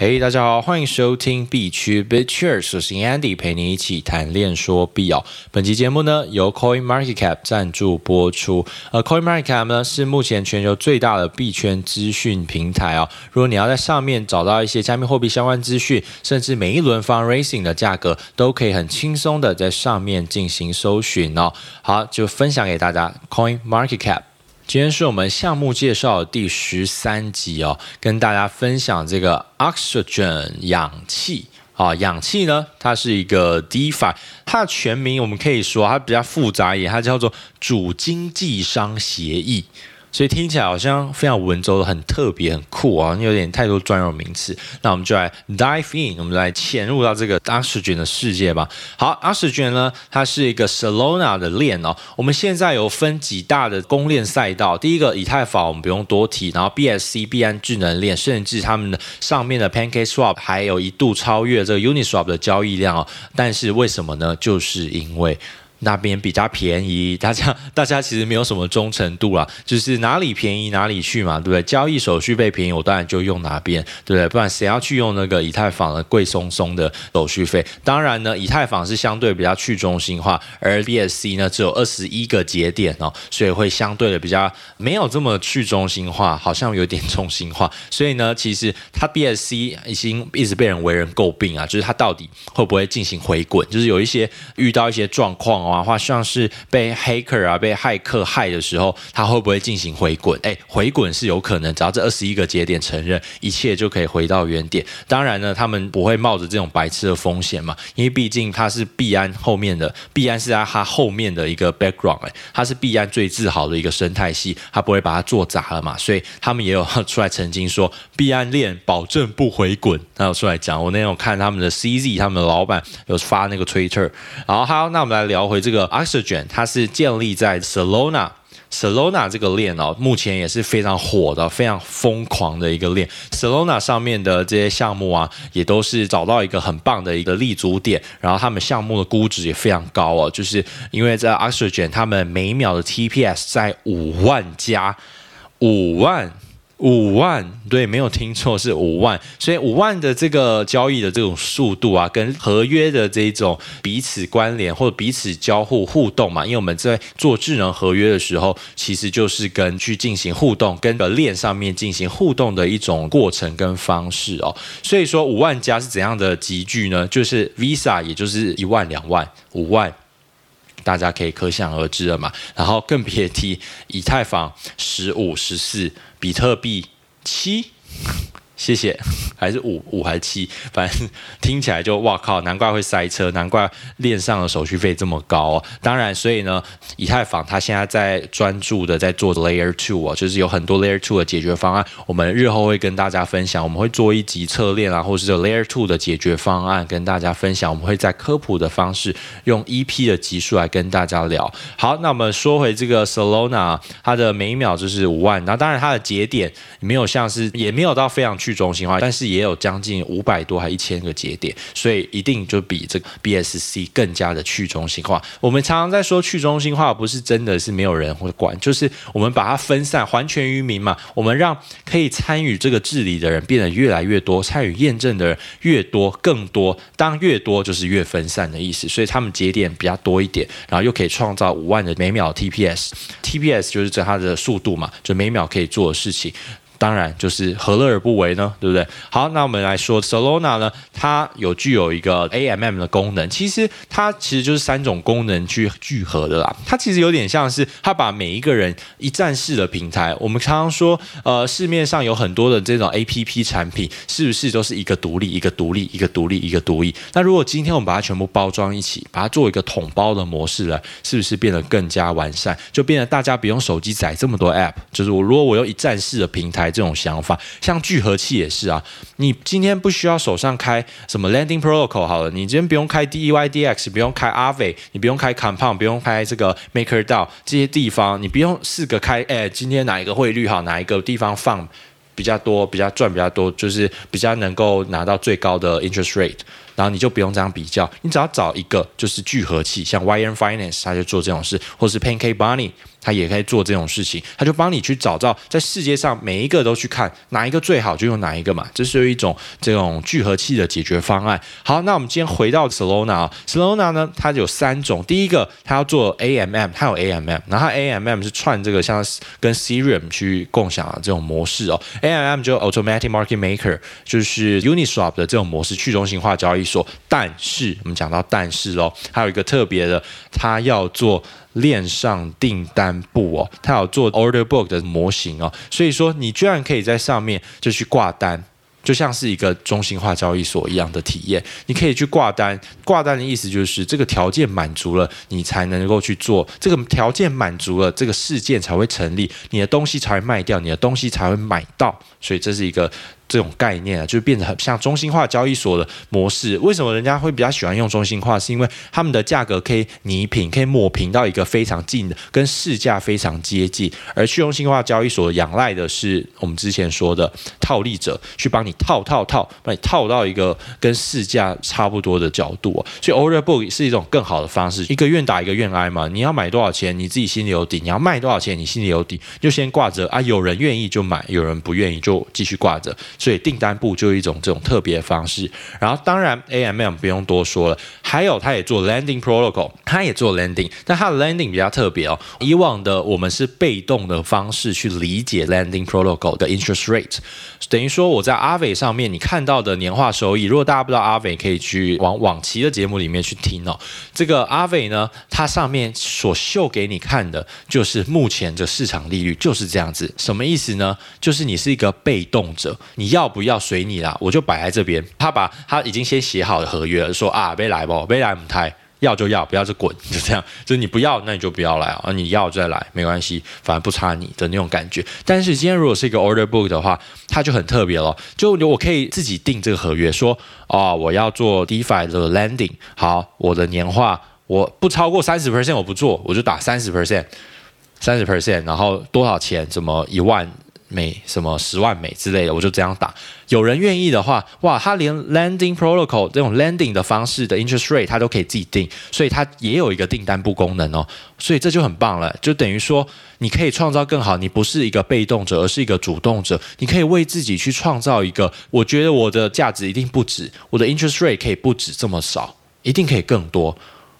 嘿、hey，大家好，歡迎收聽幣圈 Bitcheer，我是 Andy，陪你一起談戀說幣哦。本期節目呢由 Coin Market Cap 贊助播出，呃，Coin Market Cap 呢是目前全球最大的幣圈資訊平台哦。如果你要在上面找到一些加密貨幣相關資訊，甚至每一輪 Fund Raising 的價格，都可以很輕鬆的在上面進行搜尋哦。好，就分享給大家 Coin Market Cap。今天是我們項目介紹的第十三集哦，跟大家分享這個 Oxygen 氧氣啊、哦，氧氣呢，它是一個 DeFi，它的全名我們可以說它比較複雜一點，它叫做主經紀商協議。所以聽起來好像非常文縐很特別、很酷啊、哦！有點太多專有名詞。那我們就來 dive in，我們來潛入到這個 Oxygen 的世界吧。好 Oxygen 呢，它是一個 Solana 的鏈哦。我們現在有分幾大的公鏈賽道，第一個以太坊我們不用多提，然後 BSC、BN 智能鏈，甚至他們的上面的 PancakeSwap 還有一度超越這個 Uniswap 的交易量哦。但是為什麼呢？就是因為那邊比較便宜，大家大家其實沒有什麼忠誠度啦，就是哪裡便宜哪裡去嘛，對不對？交易手續費便宜，我當然就用哪邊，對不對？不然誰要去用那個以太坊的貴鬆鬆的手續費？當然呢，以太坊是相對比較去中心化，而 BSC 呢只有二十一個節點哦，所以會相對的比較沒有這麼去中心化，好像有點中心化。所以呢，其實它 BSC 已經一直被人為人詬病啊，就是它到底會不會進行回滾？就是有一些遇到一些狀況哦。話像是被黑客啊被駭客害的時候，他會不會進行回滾？哎、欸，回滾是有可能，只要這二十一個節點承認，一切就可以回到原點。當然呢，他們不會冒着這種白癡的風險嘛，因為畢竟他是幣安後面的，幣安是在他後面的一個 background，哎、欸，他是幣安最自豪的一個生態系，他不會把它做砸了嘛。所以他們也有出來曾經說幣安鏈保證不回滾，然後出來講。我那天有看他們的 CZ，他們的老闆有發那個 Twitter，然後好，那我們來聊回。這個 Oxygen 它是建立在 Solana Solana 這個鏈哦，目前也是非常火的、非常瘋狂的一個鏈。Solana 上面的這些項目啊，也都是找到一個很棒的一個立足點，然後他們項目的估值也非常高哦。就是因為在 Oxygen，他們每秒的 TPS 在五萬加五萬。五萬，對，沒有聽錯，是五萬。所以五萬的這個交易的這種速度啊，跟合約的這一種彼此關聯或者彼此交互互動嘛，因為我們在做智能合約的時候，其實就是跟去進行互動，跟鏈上面進行互動的一種過程跟方式哦。所以說五萬加是怎樣的集聚呢？就是 Visa，也就是一萬兩萬五萬。大家可以可想而知了嘛，然後更別提以太坊十五十四，比特幣七。謝謝，還是五五還是七，反正聽起來就哇靠，難怪會塞車，難怪鏈上的手續費這麼高。哦。當然，所以呢，以太坊它現在在專注的在做 Layer Two 啊，哦，就是有很多 Layer Two 的解決方案。我們日後會跟大家分享，我們會做一集側鏈啊，或者是有 Layer Two 的解決方案跟大家分享。我們會在科普的方式，用 EP 的集數來跟大家聊。好，那我們說回這個 Solana 它的每一秒就是五萬，那當然它的節點沒有像是也沒有到非常。去中心化，但是也有將近五百多還一千個節點，所以一定就比這個 BSC 更加的去中心化。我們常常在說去中心化，不是真的是沒有人會管，就是我們把它分散，還權於民嘛。我們讓可以參與這個治理的人變得越來越多，參與驗證的人越多，更多，當越多就是越分散的意思。所以他們節點比較多一點，然後又可以創造五萬的每秒 TPS，TPS TPS 就是這它的速度嘛，就每秒可以做的事情。當然，就是何樂而不為呢？對不對？好，那我們來說 Solana 呢？它有具有一個 AMM 的功能。其實它其實就是三種功能去聚合的啦。它其實有點像是它把每一個人一站式的平台。我們常常說，呃，市面上有很多的這種 APP 產品，是不是都是一個獨立、一個獨立、一個獨立、一個獨立？那如果今天我們把它全部包裝一起，把它做一個統包的模式了，是不是變得更加完善？就變得大家不用手機載這麼多 App，就是我如果我用一站式的平台。這種想法，像聚合器也是啊。你今天不需要手上開什麼 landing protocol 好了，你今天不用開 dYdX，不用開 Aave，你不用開 Compound，不用開這個 MakerDAO 這些地方，你不用四個開。哎、欸，今天哪一個匯率好？哪一個地方放比較多、比較賺比較多，就是比較能夠拿到最高的 interest rate。然後你就不用這樣比較，你只要找一個就是聚合器，像 Yearn Finance，他就做這種事，或是 Pancake Bunny，他也可以做這種事情，他就幫你去找到在世界上每一個都去看哪一個最好，就用哪一個嘛。這是一種這種聚合器的解決方案。好，那我們今天回到 Solana 啊、哦、Solana 呢，它有三種，第一個它要做 AMM，它有 AMM，然後 AMM 是串這個像跟 Serum 去共享、啊、這種模式哦，AMM 就 Automatic Market Maker，就是 Uniswap 的這種模式，去中心化交易。但是我們講到但是哦，還有一個特別的，他要做鏈上訂單簿哦，他有做 order book 的模型哦，所以說你居然可以在上面就去掛單，就像是一個中心化交易所一樣的體驗，你可以去掛單，掛單的意思就是這個條件滿足了，你才能夠去做，這個條件滿足了，這個事件才會成立，你的東西才會賣掉，你的東西才會買到，所以這是一個。這種概念啊，就變得很像中心化交易所的模式。為什麼人家會比較喜歡用中心化？是因為他們的價格可以擬平，可以抹平到一個非常近的，跟市價非常接近。而去中心化交易所仰賴的是我們之前說的套利者去幫你套套套，幫你套到一個跟市價差不多的角度。所以 order book 是一種更好的方式，一個願打一個願挨嘛。你要買多少錢，你自己心裡有底；你要賣多少錢，你心裡有底，就先掛着啊。有人願意就買，有人不願意就繼續掛着。所以訂單簿就有一種這種特別方式，然後當然 AMM 不用多說了，還有他也做 Lending Protocol，他也做 Lending，但他的 Lending 比較特別哦。以往的我們是被動的方式去理解 Lending Protocol 的 interest rate，等於說我在 Aave 上面你看到的年化收益，如果大家不知道 Aave，可以去往往期的節目裡面去聽哦。這個 Aave 呢，它上面所秀給你看的就是目前的市場利率就是這樣子，什麼意思呢？就是你是一個被動者，你。要不要隨你啦，我就擺在這邊。他把他已經先寫好的合約了說啊，沒來不，沒來們台要就要，不要就滾，就這樣。就你不要，那你就不要來啊，你要再來沒關係，反而不差你的那種感覺。但是今天如果是一個 order book 的話，它就很特別了，就我可以自己定這個合約，說啊、哦，我要做 DeFi 的 lending，好，我的年化我不超過三十 percent，我不做，我就打三十 percent，三十 percent，然後多少錢？怎麼一萬？美什麼十萬美之類的，我就這樣打。有人願意的話，哇，他連 lending protocol 這種 lending 的方式的 interest rate 他都可以自己定，所以他也有一個訂單簿功能哦，所以這就很棒了，就等於說你可以創造更好，你不是一個被動者，而是一個主動者，你可以為自己去創造一個，我覺得我的價值一定不止，我的 interest rate 可以不止這麼少，一定可以更多。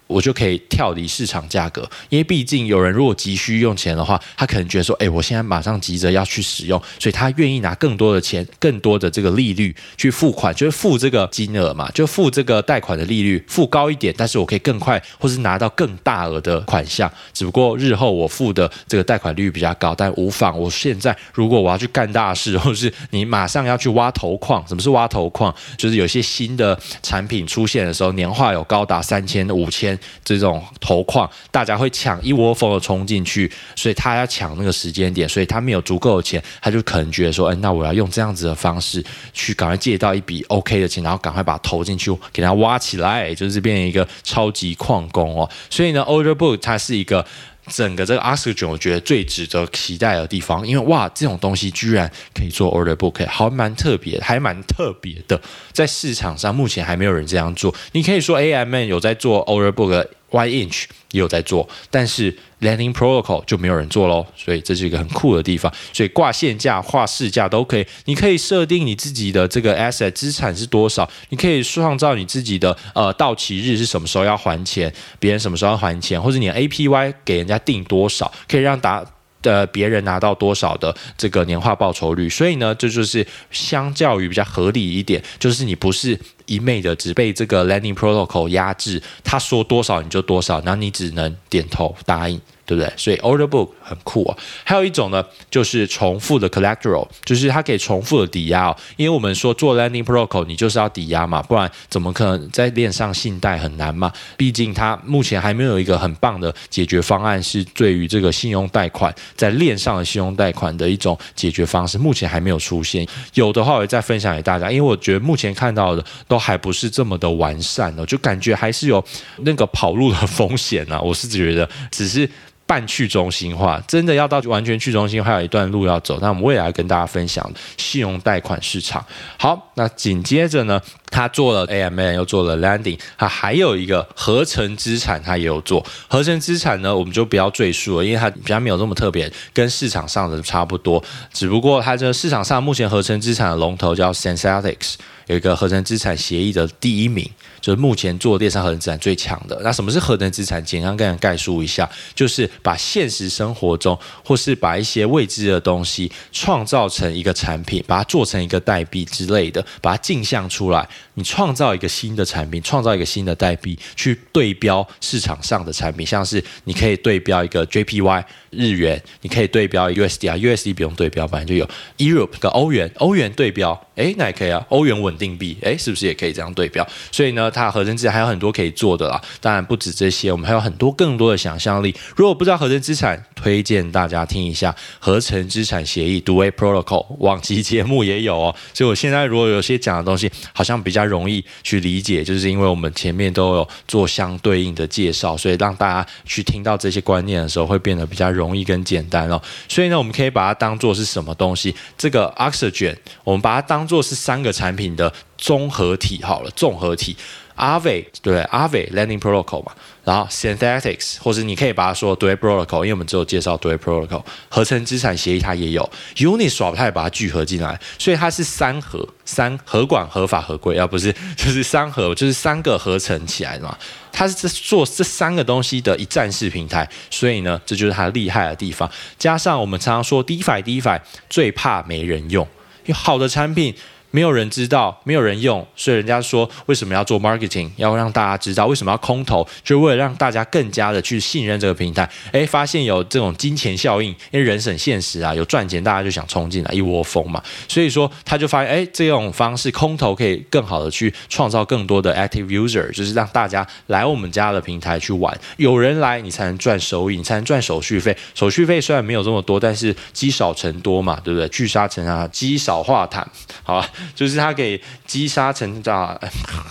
我就可以跳離市場價格，因為畢竟有人如果急需用錢的話，他可能覺得說：哎、欸，我現在馬上急着要去使用，所以他願意拿更多的錢、更多的這個利率去付款，就是付這個金額嘛，就付這個貸款的利率付高一點，但是我可以更快，或是拿到更大額的款項。只不過日後我付的這個貸款利率比較高，但無妨。我現在如果我要去幹大事，或者是你馬上要去挖頭礦，什麼是挖頭礦？就是有些新的產品出現的時候，年化有高達三千、五千。這種投礦，大家會搶，一窩蜂的衝進去，所以他要搶那個時間點，所以他沒有足夠的錢，他就可能覺得說，嗯、欸，那我要用這樣子的方式去趕快借到一筆 OK 的錢，然後趕快把投進去，給他挖起來，就是變成一個超級礦工哦。所以呢，Order Book 它是一個。整個這個 Oxygen，我覺得最值得期待的地方，因為哇，這種東西居然可以做 order book，還蠻特別的，還蠻特別的，在市場上目前還沒有人這樣做。你可以說 AMM 有在做 order book。1inch 也有在做，但是 Lending Protocol 就沒有人做咯。所以這是一個很酷的地方。所以掛限價、掛市價都可以，你可以設定你自己的這個 Asset 資產是多少，你可以創造你自己的呃到期日是什麼時候要還錢，別人什麼時候要還錢，或者你的 APY 給人家定多少，可以讓達的別人拿到多少的這個年化報酬率。所以呢，這就是相較於比較合理一點，就是你不是。一昧的只被這個 lending protocol 壓制，他說多少你就多少，然後你只能點頭答應，對不對？所以 order book 很酷哦。還有一種呢，就是重複的 collateral，就是它可以重複的抵押哦。因為我們說做 lending protocol，你就是要抵押嘛，不然怎麼可能在鏈上信貸很難嘛？畢竟它目前還沒有一個很棒的解決方案是對於這個信用貸款在鏈上的信用貸款的一種解決方式，目前還沒有出現。有的話我再分享給大家，因為我覺得目前看到的都。還不是這麼的完善呢，就感覺還是有那個跑路的風險呢、啊。我是覺得，只是半去中心化，真的要到完全去中心化，還有一段路要走。那我們未來跟大家分享信用貸款市場。好，那緊接着呢？他做了 AMN，又做了 Landing，他還有一個合成資產，他也有做。合成資產呢，我們就不要贅述了，因為他比較沒有這麼特別，跟市場上的差不多。只不過它這個市場上目前合成資產的龍頭叫 Synthetix，有一個合成資產協議的第一名，就是目前做電商合成資產最強的。那什麼是合成資產？簡單跟你概述一下，就是把現實生活中或是把一些未知的東西，創造成一個產品，把它做成一個代幣之類的，把它鏡像出來。你創造一個新的產品，創造一個新的代幣，去對標市場上的產品，像是你可以對標一個 JPY 日元，你可以對標 USD 啊，USD 不用對標，反正就有 Euro p e 跟歐元，歐元對標，誒，那也可以啊，歐元穩定幣，誒，是不是也可以這樣對標？所以呢，它合成資產還有很多可以做的啦，當然不止這些，我們還有很多更多的想象力。如果不知道合成資產，推薦大家聽一下《合成資產協議 d u e Protocol），往期節目也有哦。所以我現在如果有些講的東西，好像。比較容易去理解，就是因為我們前面都有做相對應的介紹，所以讓大家去聽到這些觀念的時候，會變得比較容易跟簡單哦、喔。所以呢，我們可以把它當做是什麼東西？這個 Oxygen，我們把它當做是三個產品的綜合體好了，綜合體。Aave 對 Aave Lending Protocol 吧。然後 Synthetix 或者，你可以把它說 Duet Protocol，因為我們只有介紹 Duet Protocol 合成資產協議，它也有 Uniswap，它也把它聚合進來，所以它是三合三合管合法合規啊，不是就是三合就是三個合成起來的嘛，它是做這三個東西的一站式平台，所以呢，這就是它厲害的地方。加上我們常常說 DeFi DeFi 最怕沒人用，因為好的產品。沒有人知道，沒有人用，所以人家說為什麼要做 marketing，要讓大家知道，為什麼要空投，就為了讓大家更加的去信任這個平台。誒，發現有這種金錢效應，因為人很現實啊，有賺錢大家就想衝進來一窩蜂嘛。所以說他就發現，誒，這種方式空投可以更好的去創造更多的 active user，就是讓大家來我們家的平台去玩，有人來你才能賺收益，你才能賺手續費。手續費雖然沒有這麼多，但是積少成多嘛，對不對？聚沙成啊，積少化貪，好啊。就是他可以擊殺成長、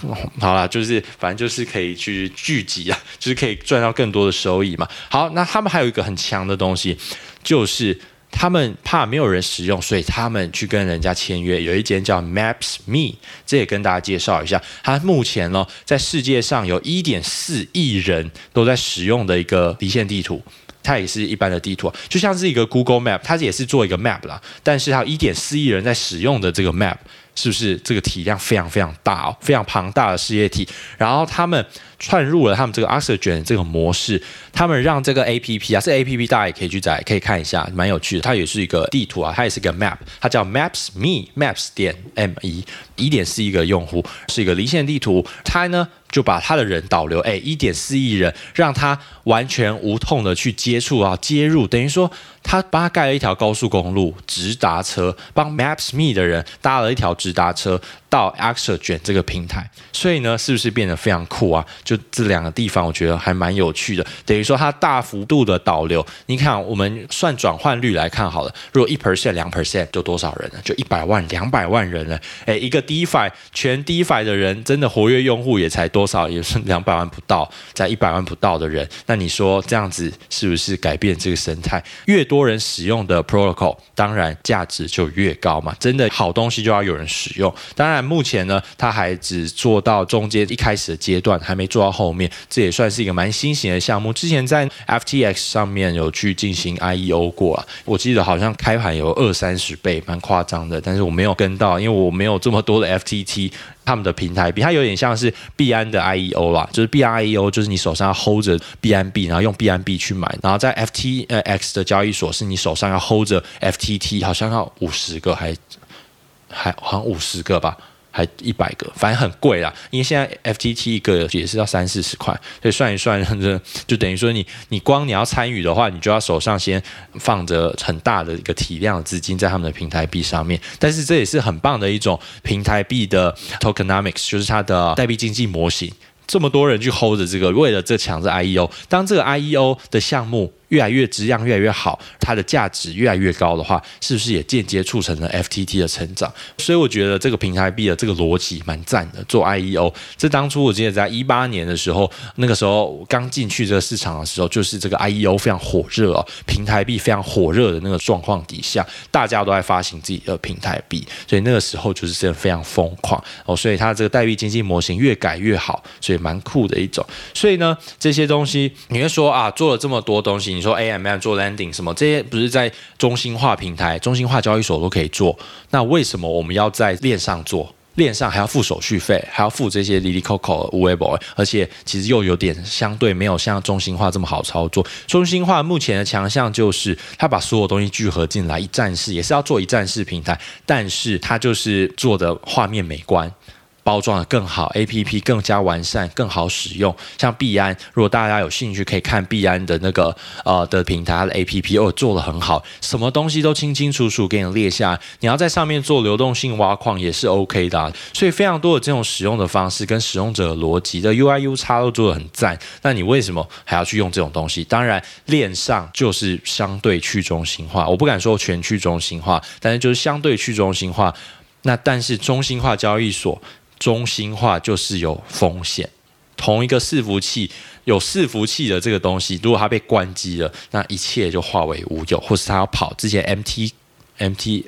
嗯。好啦，就是反正就是可以去聚集啊，就是可以賺到更多的收益嘛。好，那他們還有一個很強的東西，就是他們怕沒有人使用，所以他們去跟人家簽約。有一間叫 Maps Me，這也跟大家介紹一下。它目前呢，在世界上有1.4億人都在使用的一個離線地圖。它也是一般的地圖，就像是一個 Google Map，它也是做一個 Map 啦。但是，它有一點四億人在使用的這個 Map，是不是這個體量非常非常大，哦，非常龐大的事業體？然後他們。串入了他們這個 Oxygen 這個模式，他們讓這個 A P P 啊，這 A P P 大家也可以去載，可以看一下，蠻有趣的。它也是一個地圖啊，它也是一個 Map，它叫 Maps Me，Maps 點 .me, M 一，一點四億個用戶，是一個離線地圖。它呢，就把它的人導流，哎、欸，一點四億人，讓它完全無痛的去接觸啊，接入，等於說它幫他蓋了一條高速公路，直達車，幫 Maps Me 的人搭了一條直達車到 Oxygen 這個平台。所以呢，是不是變得非常酷啊？就這兩個地方，我覺得還蠻有趣的。等於說它大幅度的導流，你看我們算轉換率來看好了。如果一 percent、兩 percent，就多少人呢？就一百萬、兩百萬人了。誒、欸，一個 DeFi，全 DeFi 的人真的活躍用戶也才多少？也是兩百萬不到，在一百萬不到的人。那你說這樣子是不是改變這個生態？越多人使用的 protocol，當然價值就越高嘛。真的好東西就要有人使用。當然目前呢，它還只做到中間一開始的階段，還沒做。做到後面，這也算是一個蠻新型的項目。之前在 FTX 上面有去進行 IEO 過了，我記得好像開盤有二三十倍，蠻誇張的。但是我沒有跟到，因為我沒有這麼多的 FTT 他們的平台幣。它有點像是幣安的 IEO 啊，就是 BIEO，就是你手上要 hold 着 BNB，然後用 BNB 去買，然後在 FTX 的交易所是你手上要 hold 着 FTT，好像要五十個還還好像五十個吧，還一百個，反正很貴啦，因為現在 FTT 一個也是要三四十塊，所以算一算，就等於說你你光你要參與的話，你就要手上先放着很大的一個體量資金在他們的平台幣上面。但是這也是很棒的一種平台幣的 tokenomics，就是它的代幣經濟模型。這麼多人去 hold 着這個，為了這搶着 IEO，當這個 IEO 的項目。越來越質量越來越好，它的價值越來越高的話，是不是也間接促成了 FTT 的成長？所以我覺得這個平台幣的這個邏輯蠻讚的。做 IEO，這當初我記得在一八年的時候，那個時候剛進去這個市場的時候，就是這個 IEO 非常火熱哦、喔，平台幣非常火熱的那個狀況底下，大家都在發行自己的平台幣，所以那個時候就是真的非常瘋狂哦。所以它這個代幣經濟模型越改越好，所以蠻酷的一種。所以呢，這些東西，你會說啊，做了這麼多東西。你說 AMM 做 landing 什麼這些不是在中心化平台，中心化交易所都可以做？那為什麼我們要在鏈上做？鏈上還要付手續費，還要付這些 Lilicoco 的 Web，而且其實又有點相對沒有像中心化這麼好操作。中心化目前的強項就是它把所有東西聚合進來，一站式也是要做一站式平台，但是它就是做的畫面美觀。包裝得更好，APP 更加完善，更好使用。像幣安，如果大家有興趣，可以看幣安的那個呃的平台的 APP，哦，做得很好，什麼東西都清清楚楚給你列下。你要在上面做流動性挖礦也是 OK 的啊，所以非常多的這種使用的方式跟使用者的邏輯，的 UI U 叉都做得很讚。那你為什麼還要去用這種東西？當然，鏈上就是相對去中心化，我不敢說全去中心化，但是就是相對去中心化。那但是中心化交易所。中心化就是有風險，同一個伺服器有伺服器的這個東西，如果它被關機了，那一切就化為烏有，或是它要跑之前，M T M T。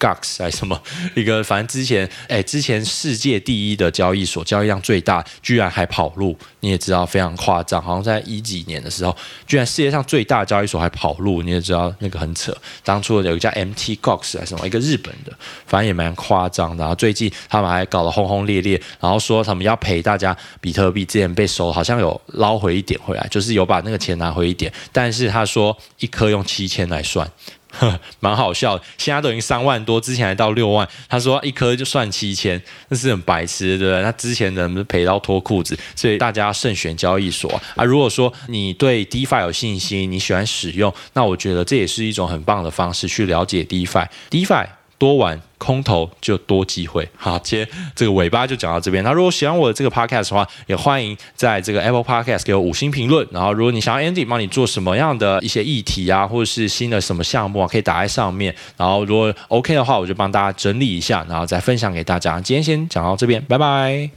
Gox 還是什麼一個，反正之前哎、欸，之前世界第一的交易所交易量最大，居然還跑路，你也知道非常誇張。好像在一幾年的時候，居然世界上最大交易所還跑路，你也知道那個很扯。當初有一家 Mt Gox 還是什麼一個日本的，反正也蠻誇張的。然後最近他們還搞得轟轟烈烈，然後說他們要賠大家比特幣，之前被收好像有撈回一點回來，就是有把那個錢拿回一點，但是他說一顆用七千來算。呵，蠻好笑的，現在都已經三萬多，之前還到六萬。他說一顆就算七千，那是很白痴，對不對？那之前人是賠到脫褲子，所以大家慎選交易所啊，啊。如果說你對 DeFi 有信心，你喜歡使用，那我覺得這也是一種很棒的方式去了解 DeFi。DeFi。多玩空投，就多機會。好，今天這個尾巴就講到這邊。那如果喜歡我的這個 podcast 的話，也歡迎在這個 Apple Podcast 給我五星評論。然後，如果你想要 Andy 幫你做什麼樣的一些議題啊，或者是新的什麼項目啊，可以打在上面。然後，如果 OK 的話，我就幫大家整理一下，然後再分享給大家。今天先講到這邊，拜拜。